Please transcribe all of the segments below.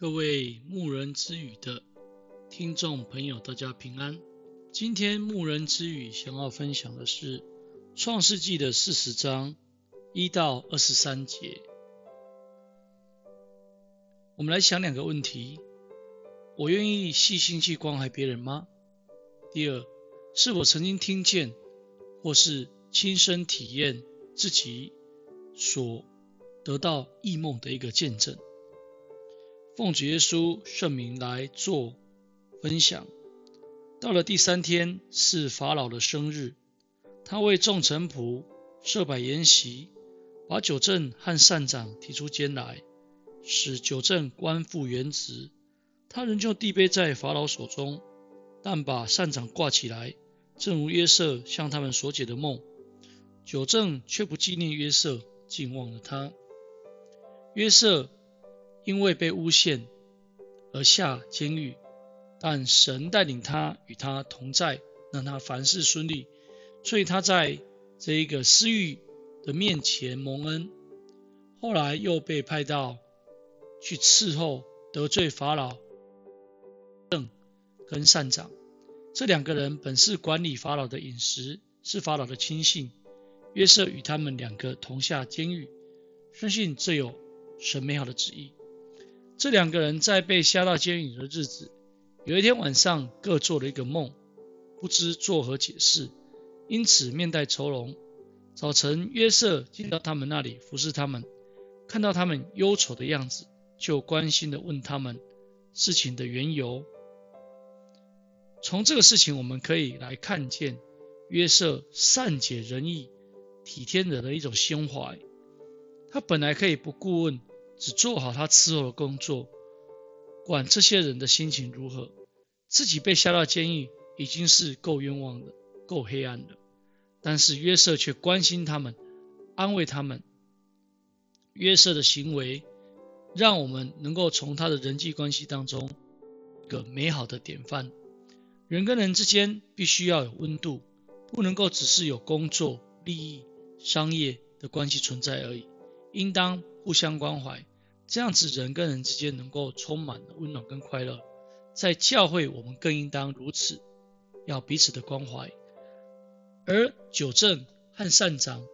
各位牧人之語的聽眾朋友，大家平安。今天牧人之語想要分享的是創世紀的四十章一到二十三節。我們來想兩個問題：我願意細心去關懷別人嗎？第二，是否曾經聽見或是親身體驗自己所得到異夢的一個見證？奉主耶穌聖名來做分享。到了第三天是法老的生日，他為眾臣僕設擺筵席，把酒政和膳長提出監來，使酒政官復原職。他仍舊遞杯在法老手中，但把膳長掛起來，正如約瑟向他們所解的夢。酒政卻不紀念約瑟，竟忘了他。約瑟，因為被誣陷而下監獄，但神帶領他與他同在，讓他凡事順利。所以他在這一個司獄的面前蒙恩。後來又被派到去伺候得罪法老酒政跟膳長這兩個人，本是管理法老的飲食，是法老的親信。約瑟與他們兩個同下監獄，相信,信這有神美好的旨意。這兩個人在被下到監獄的日子，有一天晚上各做了一個夢，不知作何解釋，因此面帶愁容。早晨約瑟進到他們那裡服侍他們，看到他們憂愁的樣子，就關心地問他們事情的緣由。從這個事情我們可以來看見約瑟善解人意、體貼人的一種胸懷。他本來可以不顧問。只做好他伺候的工作，管這些人的心情如何，自己被下到監獄已經是夠冤枉的、夠黑暗的。但是約瑟卻關心他們，安慰他們。約瑟的行為讓我們能夠從他的人際關係當中一個美好的典範。人跟人之間必須要有溫度，不能夠只是有工作、利益、商業的關係存在而已，應當互相關懷。這樣子人跟人之間能夠充滿溫暖跟快樂。在教會我們更應當如此，要彼此的關懷，而酒政和膳長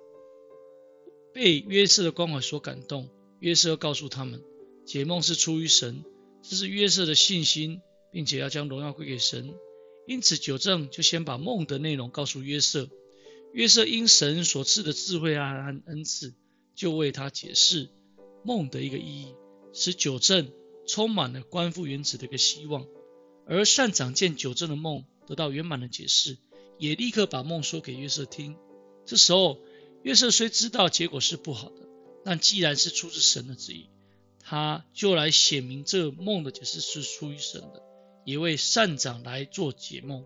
被約瑟的關懷所感動，約瑟告訴他們，解夢是出於神，這是約瑟的信心，並且要將榮耀歸給神。因此酒政就先把夢的內容告訴約瑟，約瑟因神所賜的智慧啊和恩賜，就為他解釋。夢的一個意義，使酒政充滿了官復原職的一個希望。而膳長見酒政的夢得到圓滿的解釋，也立刻把夢說給約瑟聽。這時候，約瑟雖知道結果是不好的，但既然是出自神的旨意，他就來顯明這夢的解釋是出於神的，也為膳長來做解夢。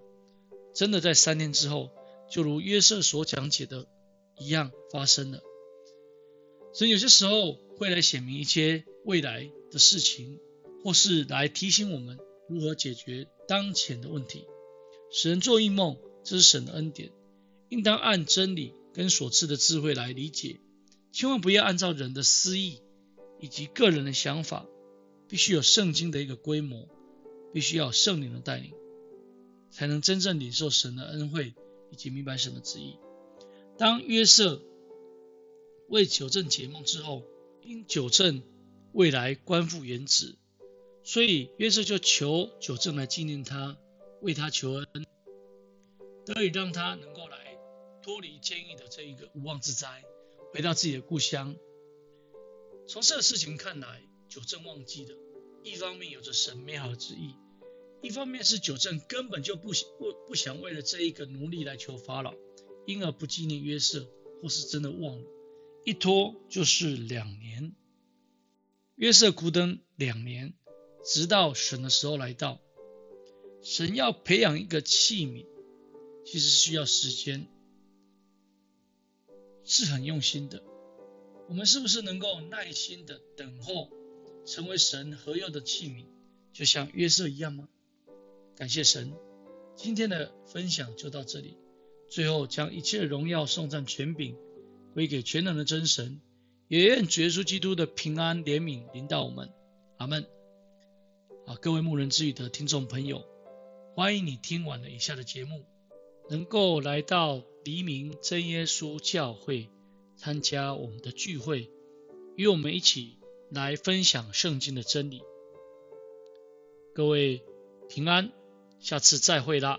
真的，在三天之後，就如約瑟所講解的一樣發生了。所以有些時候，會來顯明一些未來的事情，或是來提醒我們如何解決當前的問題。使人做異夢，這是神的恩典，應當按真理跟所賜的智慧來理解，千萬不要按照人的私意以及個人的想法。必須有聖經的一個規模，必須要聖靈的帶領，才能真正領受神的恩惠以及明白神的旨意。當約瑟為求證解夢之後，因酒政未來官復原職，所以約瑟就求酒政來紀念他，為他求恩，得以讓他能夠來脫離監獄的這一個無妄之災，回到自己的故鄉。從這個事情看來，酒政忘記了，一方面有着神美好之意，一方面是酒政根本就不不不想為了這一個奴隸來求法老，因而不紀念約瑟，或是真的忘了。一拖就是兩年，約瑟苦等兩年，直到神的時候來到。神要培養一個器皿，其實需要時間，是很用心的。我們是不是能夠耐心的等候，成為神合用的器皿，就像約瑟一樣嗎？感謝神，今天的分享就到這裡，最後將一切榮耀頌讚權柄，歸給全能的真神，也願主耶穌基督的平安、憐憫臨到我們。阿門。啊，各位牧人之語的聽眾朋友，歡迎你聽完了以下的節目，能夠來到黎明真耶穌教會，參加我們的聚會，與我們一起來分享聖經的真理。各位平安，下次再會啦。